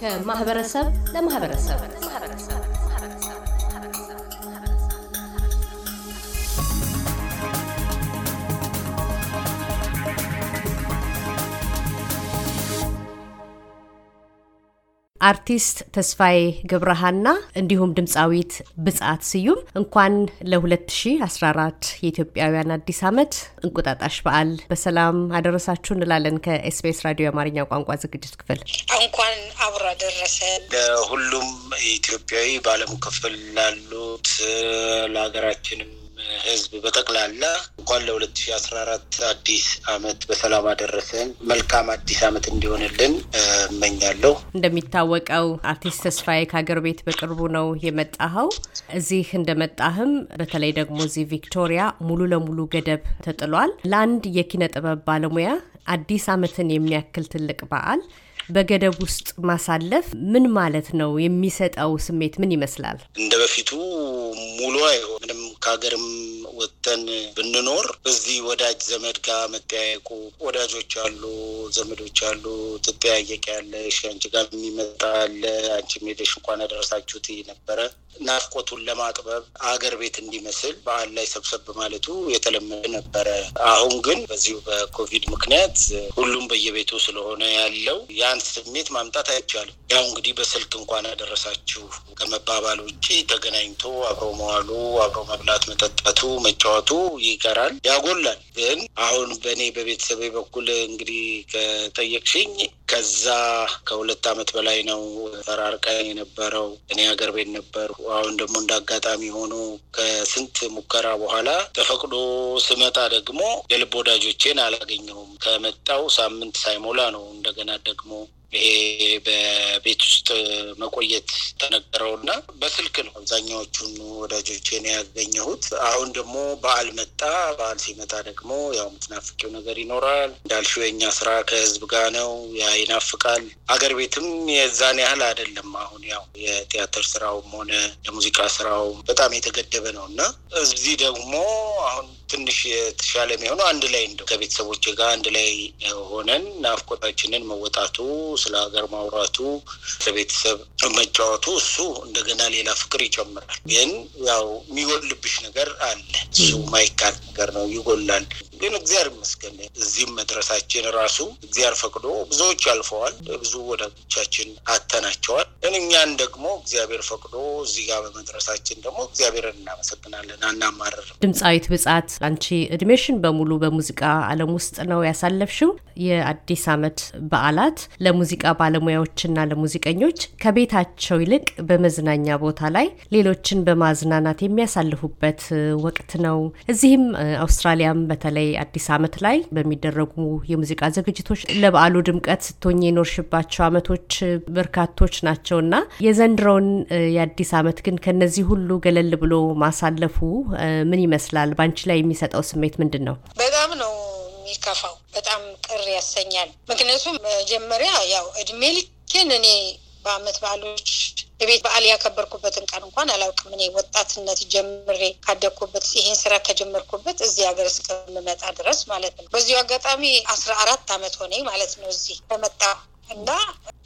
ከማህበረሰብ ለማህበረሰብ አርቲስት ተስፋዬ ገብረሃና እንዲሁም ድምፃዊት ብጻት ስዩም እንኳን ለ2014 የኢትዮጵያውያን አዲስ ዓመት እንቁጣጣሽ በዓል በሰላም አደረሳችሁ እንላለን። ከኤስቢኤስ ራዲዮ የአማርኛ ቋንቋ ዝግጅት ክፍል እንኳን አብሮ አደረሰ ለሁሉም ኢትዮጵያዊ በዓለም ክፍል ላሉት ለሀገራችንም ህዝብ በጠቅላላ እንኳን ለሁለት ሺ አስራ አራት አዲስ አመት በሰላም አደረሰን። መልካም አዲስ አመት እንዲሆንልን እመኛለሁ። እንደሚታወቀው አርቲስት ተስፋዬ ከሀገር ቤት በቅርቡ ነው የመጣኸው። እዚህ እንደመጣህም በተለይ ደግሞ እዚህ ቪክቶሪያ ሙሉ ለሙሉ ገደብ ተጥሏል። ለአንድ የኪነ ጥበብ ባለሙያ አዲስ አመትን የሚያክል ትልቅ በዓል በገደብ ውስጥ ማሳለፍ ምን ማለት ነው? የሚሰጠው ስሜት ምን ይመስላል? እንደ በፊቱ ሙሉ ምንም ከሀገርም ወጥተን ብንኖር እዚህ ወዳጅ ዘመድ ጋር መጠያየቁ ወዳጆች አሉ፣ ዘመዶች አሉ፣ ትጠያየቅ ያለ አንቺ ጋር የሚመጣ አለ፣ አንቺ ሄደሽ እንኳን ያደረሳችሁት ነበረ። ናፍቆቱን ለማጥበብ አገር ቤት እንዲመስል በዓል ላይ ሰብሰብ ማለቱ የተለመደ ነበረ። አሁን ግን በዚሁ በኮቪድ ምክንያት ሁሉም በየቤቱ ስለሆነ ያለው ያን ስሜት ማምጣት አይቻልም። ያው እንግዲህ በስልክ እንኳን ያደረሳችሁ ከመባባል ውጭ ተገናኝቶ አብሮ መዋሉ፣ አብሮ መብላት፣ መጠጣቱ መጫወቱ ይቀራል፣ ያጎላል። ግን አሁን በእኔ በቤተሰቤ በኩል እንግዲህ ከጠየቅሽኝ ከዛ ከሁለት ዓመት በላይ ነው ፈራርቀን የነበረው። እኔ ሀገር ቤት ነበር። አሁን ደግሞ እንደ አጋጣሚ ሆኖ ከስንት ሙከራ በኋላ ተፈቅዶ ስመጣ ደግሞ የልብ ወዳጆቼን አላገኘሁም። ከመጣው ሳምንት ሳይሞላ ነው እንደገና ደግሞ ይሄ በቤት ውስጥ መቆየት ተነገረው እና በስልክ ነው አብዛኛዎቹን ወዳጆቼን ያገኘሁት። አሁን ደግሞ በዓል መጣ። በዓል ሲመጣ ደግሞ ያው የምትናፍቂው ነገር ይኖራል። እንዳልሽው የእኛ ስራ ከህዝብ ጋር ነው፣ ያ ይናፍቃል። አገር ቤትም የዛን ያህል አይደለም። አሁን ያው የቲያትር ስራውም ሆነ የሙዚቃ ስራው በጣም የተገደበ ነው እና እዚህ ደግሞ አሁን ትንሽ የተሻለ የሚሆነው አንድ ላይ እንደው ከቤተሰቦች ጋር አንድ ላይ ሆነን ናፍቆታችንን መወጣቱ፣ ስለ ሀገር ማውራቱ፣ ለቤተሰብ መጫወቱ እሱ እንደገና ሌላ ፍቅር ይጨምራል። ግን ያው የሚጎልብሽ ነገር አለ። እሱ ማይካድ ነገር ነው፣ ይጎላል። ግን እግዚአብሔር ይመስገን እዚህም መድረሳችን ራሱ እግዚአብሔር ፈቅዶ ብዙዎች አልፈዋል። ብዙ ወዳጆቻችን አተናቸዋል። ግን እኛን ደግሞ እግዚአብሔር ፈቅዶ እዚህ ጋር በመድረሳችን ደግሞ እግዚአብሔርን እናመሰግናለን። አናማረርም። ድምፃዊት ብጻት አንቺ እድሜሽን በሙሉ በሙዚቃ አለም ውስጥ ነው ያሳለፍሽው። የአዲስ አመት በዓላት ለሙዚቃ ባለሙያዎችና ለሙዚቀኞች ከቤታቸው ይልቅ በመዝናኛ ቦታ ላይ ሌሎችን በማዝናናት የሚያሳልፉበት ወቅት ነው። እዚህም አውስትራሊያም በተለይ አዲስ አመት ላይ በሚደረጉ የሙዚቃ ዝግጅቶች ለበዓሉ ድምቀት ስትሆኝ የኖርሽባቸው ዓመቶች በርካቶች ናቸውና የዘንድሮውን የአዲስ ዓመት ግን ከነዚህ ሁሉ ገለል ብሎ ማሳለፉ ምን ይመስላል? በአንቺ ላይ የሚሰጠው ስሜት ምንድን ነው? በጣም ነው የሚከፋው። በጣም ቅር ያሰኛል። ምክንያቱም መጀመሪያ ያው እድሜ ልኬን እኔ በአመት በዓሎች የቤት በዓል ያከበርኩበትን ቀን እንኳን አላውቅም። እኔ ወጣትነት ጀምሬ ካደግኩበት ይሄን ስራ ከጀመርኩበት እዚህ ሀገር እስከምመጣ ድረስ ማለት ነው። በዚሁ አጋጣሚ አስራ አራት አመት ሆነኝ ማለት ነው እዚህ በመጣ እና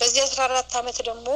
በዚህ አስራ አራት አመት ደግሞ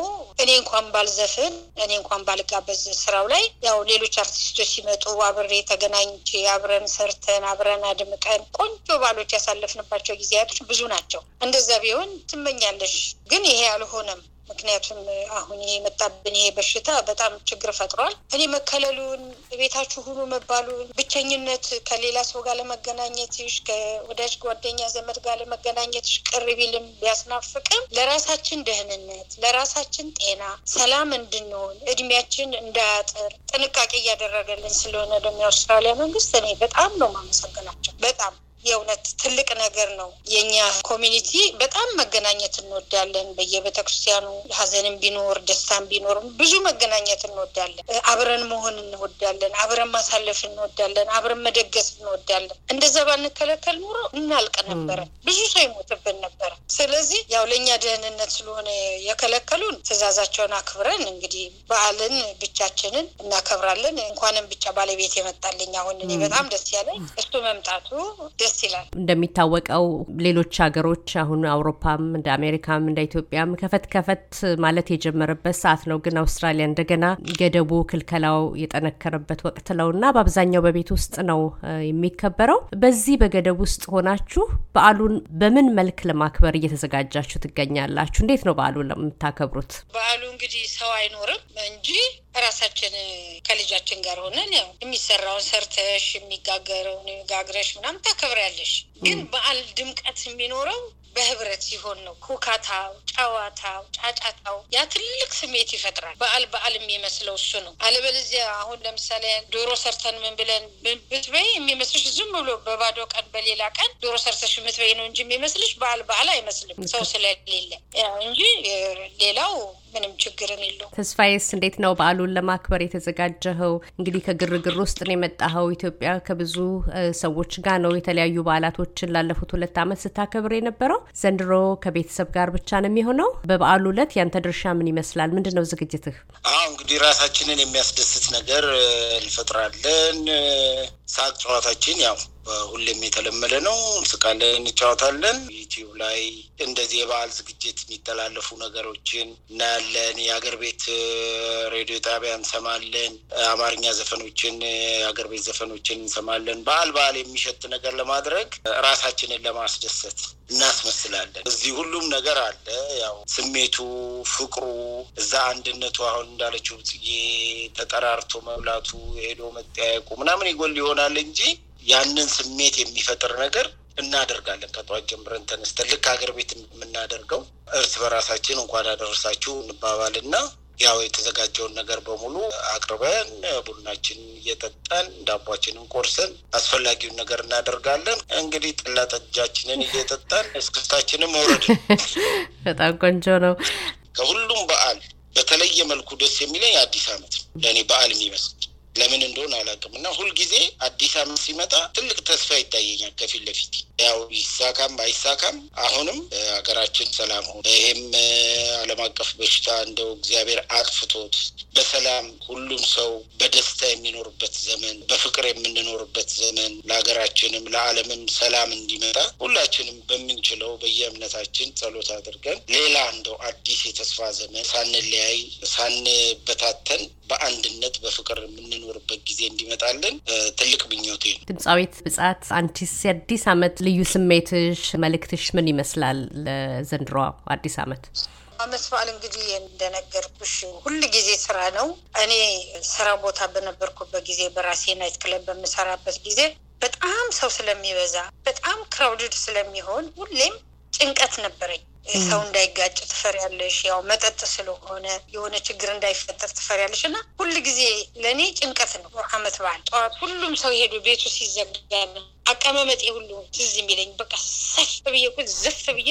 እኔ እንኳን ባልዘፍን እኔ እንኳን ባልጋበዝ ስራው ላይ ያው ሌሎች አርቲስቶች ሲመጡ አብሬ ተገናኝቼ አብረን ሰርተን አብረን አድምቀን ቆንጆ ባሎች ያሳለፍንባቸው ጊዜያቶች ብዙ ናቸው። እንደዛ ቢሆን ትመኛለሽ፣ ግን ይሄ አልሆነም። ምክንያቱም አሁን ይሄ የመጣብን ይሄ በሽታ በጣም ችግር ፈጥሯል። እኔ መከለሉን ቤታችሁ ሁኑ መባሉን፣ ብቸኝነት፣ ከሌላ ሰው ጋር ለመገናኘትሽ፣ ከወዳጅ ጓደኛ ዘመድ ጋር ለመገናኘትሽ ቅር ቢልም ቢያስናፍቅም ለራሳችን ደህንነት፣ ለራሳችን ጤና ሰላም እንድንሆን እድሜያችን እንዳያጥር ጥንቃቄ እያደረገልን ስለሆነ ደግሞ የአውስትራሊያ መንግስት እኔ በጣም ነው ማመሰግናቸው በጣም የእውነት ትልቅ ነገር ነው። የኛ ኮሚኒቲ በጣም መገናኘት እንወዳለን። በየቤተክርስቲያኑ ሀዘንም ቢኖር ደስታም ቢኖር ብዙ መገናኘት እንወዳለን። አብረን መሆን እንወዳለን። አብረን ማሳለፍ እንወዳለን። አብረን መደገስ እንወዳለን። እንደዛ ባንከለከል ኑሮ እናልቅ ነበረ፣ ብዙ ሰው ይሞትብን ነበረ። ስለዚህ ያው ለእኛ ደህንነት ስለሆነ የከለከሉን ትዕዛዛቸውን አክብረን እንግዲህ በዓልን ብቻችንን እናከብራለን። እንኳንም ብቻ ባለቤት የመጣልኝ አሁን እኔ በጣም ደስ ያለኝ እሱ መምጣቱ ደስ ደስ ይላል። እንደሚታወቀው ሌሎች ሀገሮች አሁን አውሮፓም እንደ አሜሪካም እንደ ኢትዮጵያም ከፈት ከፈት ማለት የጀመረበት ሰዓት ነው። ግን አውስትራሊያ እንደገና ገደቡ ክልከላው የጠነከረበት ወቅት ነው እና በአብዛኛው በቤት ውስጥ ነው የሚከበረው። በዚህ በገደብ ውስጥ ሆናችሁ በዓሉን በምን መልክ ለማክበር እየተዘጋጃችሁ ትገኛላችሁ? እንዴት ነው በዓሉን የምታከብሩት? በዓሉ እንግዲህ ሰው አይኖርም እንጂ ራሳችን ከልጃችን ጋር ሆነን ያው የሚሰራውን ሰርተሽ የሚጋገረውን ጋግረሽ ምናምን ታከብረ ያለሽ። ግን በዓል ድምቀት የሚኖረው በህብረት ሲሆን ነው። ኩካታው፣ ጨዋታው፣ ጫጫታው ያ ትልቅ ስሜት ይፈጥራል። በዓል በዓል የሚመስለው እሱ ነው። አለበለዚያ አሁን ለምሳሌ ዶሮ ሰርተን ምን ብለን ብትበይ የሚመስልሽ ዝም ብሎ በባዶ ቀን በሌላ ቀን ዶሮ ሰርተሽ ምትበይ ነው እንጂ የሚመስልሽ በዓል በዓል አይመስልም ሰው ስለሌለ እንጂ ሌላው ምንም ችግርም የለው። ተስፋዬስ እንዴት ነው በዓሉን ለማክበር የተዘጋጀኸው? እንግዲህ ከግርግር ውስጥ ነው የመጣኸው። ኢትዮጵያ ከብዙ ሰዎች ጋር ነው የተለያዩ በዓላቶችን ላለፉት ሁለት ዓመት ስታከብር የነበረው። ዘንድሮ ከቤተሰብ ጋር ብቻ ነው የሚሆነው። በበዓሉ ዕለት ያንተ ድርሻ ምን ይመስላል? ምንድን ነው ዝግጅትህ? አዎ እንግዲህ ራሳችንን የሚያስደስት ነገር እንፈጥራለን። ሳቅ ጨዋታችን ያው ሁሌም የተለመደ ነው። ስቃለን፣ እንጫወታለን ዩቲዩብ ላይ እንደዚህ የበዓል ዝግጅት የሚተላለፉ ነገሮችን እናያለን። የሀገር ቤት ሬዲዮ ጣቢያ እንሰማለን። አማርኛ ዘፈኖችን፣ የሀገር ቤት ዘፈኖችን እንሰማለን። በዓል በዓል የሚሸት ነገር ለማድረግ ራሳችንን ለማስደሰት እናስመስላለን። እዚህ ሁሉም ነገር አለ። ያው ስሜቱ፣ ፍቅሩ እዛ አንድነቱ አሁን እንዳለችው ብጽዬ ተጠራርቶ መብላቱ ሄዶ መጠያየቁ ምናምን ይጎል ይሆናል እንጂ ያንን ስሜት የሚፈጥር ነገር እናደርጋለን። ከጠዋት ጀምረን ተነስተን ልክ ሀገር ቤት የምናደርገው እርስ በራሳችን እንኳን አደረሳችሁ እንባባልና ያው የተዘጋጀውን ነገር በሙሉ አቅርበን ቡናችንን እየጠጣን ዳቧችንን ቆርሰን አስፈላጊውን ነገር እናደርጋለን። እንግዲህ ጠላ ጠጃችንን እየጠጣን እስክስታችንም መውረድ በጣም ቆንጆ ነው። ከሁሉም በዓል በተለየ መልኩ ደስ የሚለኝ አዲስ ዓመት ነው ለእኔ በዓል የሚመስል ለምን እንደሆነ አላውቅም። እና ሁልጊዜ አዲስ አመት ሲመጣ ትልቅ ተስፋ ይታየኛል ከፊት ለፊት ያው ይሳካም አይሳካም፣ አሁንም ሀገራችን ሰላም ሆነ ይሄም ዓለም አቀፍ በሽታ እንደው እግዚአብሔር አጥፍቶት በሰላም ሁሉም ሰው በደስታ የሚኖርበት ዘመን፣ በፍቅር የምንኖርበት ዘመን ለሀገራችንም ለዓለምም ሰላም እንዲመጣ ሁላችንም በምንችለው በየእምነታችን ጸሎት አድርገን ሌላ እንደው አዲስ የተስፋ ዘመን ሳንለያይ ሳንበታተን በአንድነት በፍቅር የምንኖርበት ጊዜ እንዲመጣልን ትልቅ ምኞቴ ነው። ድምፃዊት ብጻት አንቺስ የአዲስ ዓመት ልዩ ስሜትሽ መልእክትሽ ምን ይመስላል ለዘንድሮ አዲስ አመት አመት በዓል እንግዲህ እንደነገርኩሽ ሁል ጊዜ ስራ ነው። እኔ ስራ ቦታ በነበርኩበት ጊዜ በራሴ ናይት ክለብ በምሰራበት ጊዜ በጣም ሰው ስለሚበዛ በጣም ክራውድድ ስለሚሆን ሁሌም ጭንቀት ነበረኝ። ሰው እንዳይጋጭ ትፈሪያለሽ። ያው መጠጥ ስለሆነ የሆነ ችግር እንዳይፈጠር ትፈሪያለሽ እና ሁል ጊዜ ለእኔ ጭንቀት ነው። አመት በዓል ጠዋት ሁሉም ሰው ሄዶ ቤቱ ሲዘጋ አቀማመጤ ሁሉ ትዝ የሚለኝ በቃ ሰፍ ብዬ እኮ ዘፍ ብዬ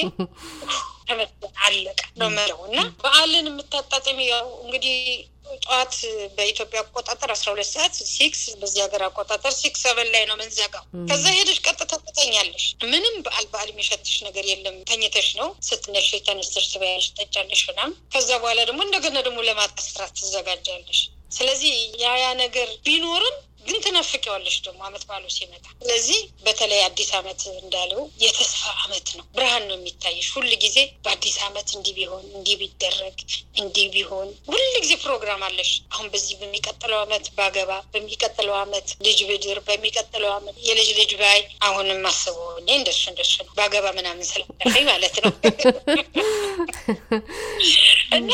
ተመ አለቀ ነው የምለው እና በዓልን የምታጣጥሚ ያው እንግዲህ ጠዋት በኢትዮጵያ አቆጣጠር አስራ ሁለት ሰዓት ሲክስ በዚህ ሀገር አቆጣጠር ሲክስ ሰቨን ላይ ነው ምንዘጋው። ከዛ ሄደሽ ቀጥታ ትተኛለሽ። ምንም በዓል በዓል የሚሸትሽ ነገር የለም። ተኝተሽ ነው ስትነሽ ተነስተሽ ትበያለሽ፣ ትጠጫለሽ ምናምን። ከዛ በኋላ ደግሞ እንደገና ደግሞ ለማታ ስራት ትዘጋጃለሽ። ስለዚህ ያ ያ ነገር ቢኖርም ግን ትናፍቂዋለሽ ደግሞ አመት ባለው ሲመጣ። ስለዚህ በተለይ አዲስ አመት እንዳለው የተስፋ አመት ነው፣ ብርሃን ነው የሚታይሽ። ሁል ጊዜ በአዲስ አመት እንዲህ ቢሆን፣ እንዲህ ቢደረግ፣ እንዲህ ቢሆን፣ ሁል ጊዜ ፕሮግራም አለሽ። አሁን በዚህ በሚቀጥለው አመት ባገባ፣ በሚቀጥለው አመት ልጅ ብድር፣ በሚቀጥለው አመት የልጅ ልጅ ባይ፣ አሁንም አስበ እኔ እንደሱ እንደሱ ነው ባገባ ምናምን ስለሚያለኝ ማለት ነው እና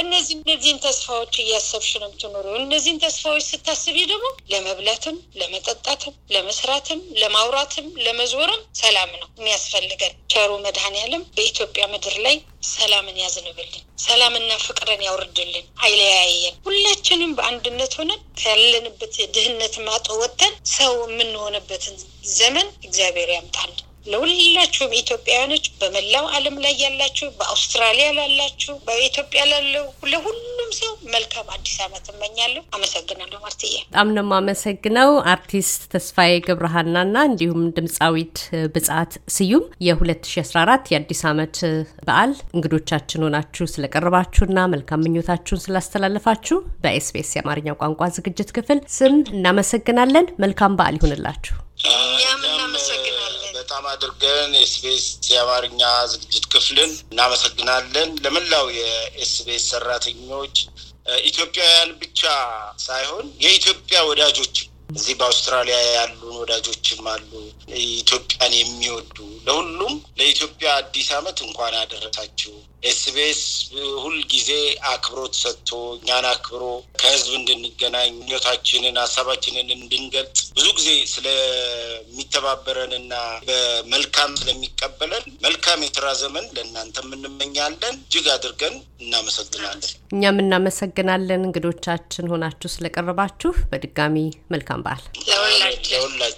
እነዚህ እነዚህን ተስፋዎች እያሰብሽ ነው የምትኖረው። እነዚህን ተስፋዎች ስታስቢ ደግሞ ለመብላትም፣ ለመጠጣትም፣ ለመስራትም፣ ለማውራትም፣ ለመዞርም ሰላም ነው የሚያስፈልገን። ቸሩ መድኃኔዓለም በኢትዮጵያ ምድር ላይ ሰላምን ያዝንብልን፣ ሰላምና ፍቅርን ያውርድልን፣ አይለያየን። ሁላችንም በአንድነት ሆነን ካለንበት ድህነት ማጦ ወጥተን ሰው የምንሆንበትን ዘመን እግዚአብሔር ያምጣልን። ለሁላችሁም ኢትዮጵያውያኖች በመላው ዓለም ላይ ያላችሁ፣ በአውስትራሊያ ላላችሁ፣ በኢትዮጵያ ላለው ለሁሉም ሰው መልካም አዲስ ዓመት እመኛለሁ። አመሰግናለሁ ማርትዬ። በጣም ነው የማመሰግነው አርቲስት ተስፋዬ ገብረሃናና እንዲሁም ድምፃዊት ብጻት ስዩም የ2014 የአዲስ ዓመት በዓል እንግዶቻችን ሆናችሁ ስለቀረባችሁና መልካም ምኞታችሁን ስላስተላለፋችሁ በኤስቢኤስ የአማርኛ ቋንቋ ዝግጅት ክፍል ስም እናመሰግናለን። መልካም በዓል ይሁንላችሁ። እኛም እናመሰግናለን። በጣም አድርገን ኤስቢኤስ የአማርኛ ዝግጅት ክፍልን እናመሰግናለን። ለመላው የኤስቢኤስ ሰራተኞች ኢትዮጵያውያን ብቻ ሳይሆን የኢትዮጵያ ወዳጆች እዚህ በአውስትራሊያ ያሉን ወዳጆችም አሉ ኢትዮጵያን የሚወዱ ለሁሉም ለኢትዮጵያ አዲስ ዓመት እንኳን አደረሳችሁ። ኤስቢኤስ ሁልጊዜ አክብሮት ሰጥቶ እኛን አክብሮ ከህዝብ እንድንገናኝ ምኞታችንን፣ ሀሳባችንን እንድንገልጽ ብዙ ጊዜ ስለሚተባበረን እና በመልካም ስለሚቀበለን መልካም የስራ ዘመን ለእናንተም እንመኛለን። እጅግ አድርገን እናመሰግናለን። እኛም እናመሰግናለን እንግዶቻችን ሆናችሁ ስለቀረባችሁ በድጋሚ መልካም አምባል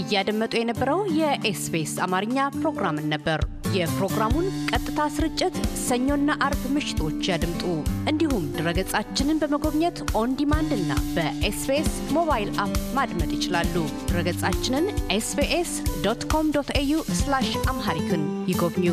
እያደመጡ የነበረው የኤስቢኤስ አማርኛ ፕሮግራምን ነበር። የፕሮግራሙን ቀጥታ ስርጭት ሰኞና አርብ ምሽቶች ያድምጡ። እንዲሁም ድረገጻችንን በመጎብኘት ኦን ዲማንድ እና በኤስቢኤስ ሞባይል አፕ ማድመጥ ይችላሉ። ድረገጻችንን ኤስቢኤስ ዶት ኮም ዶት ኤዩ አምሃሪክን ይጎብኙ።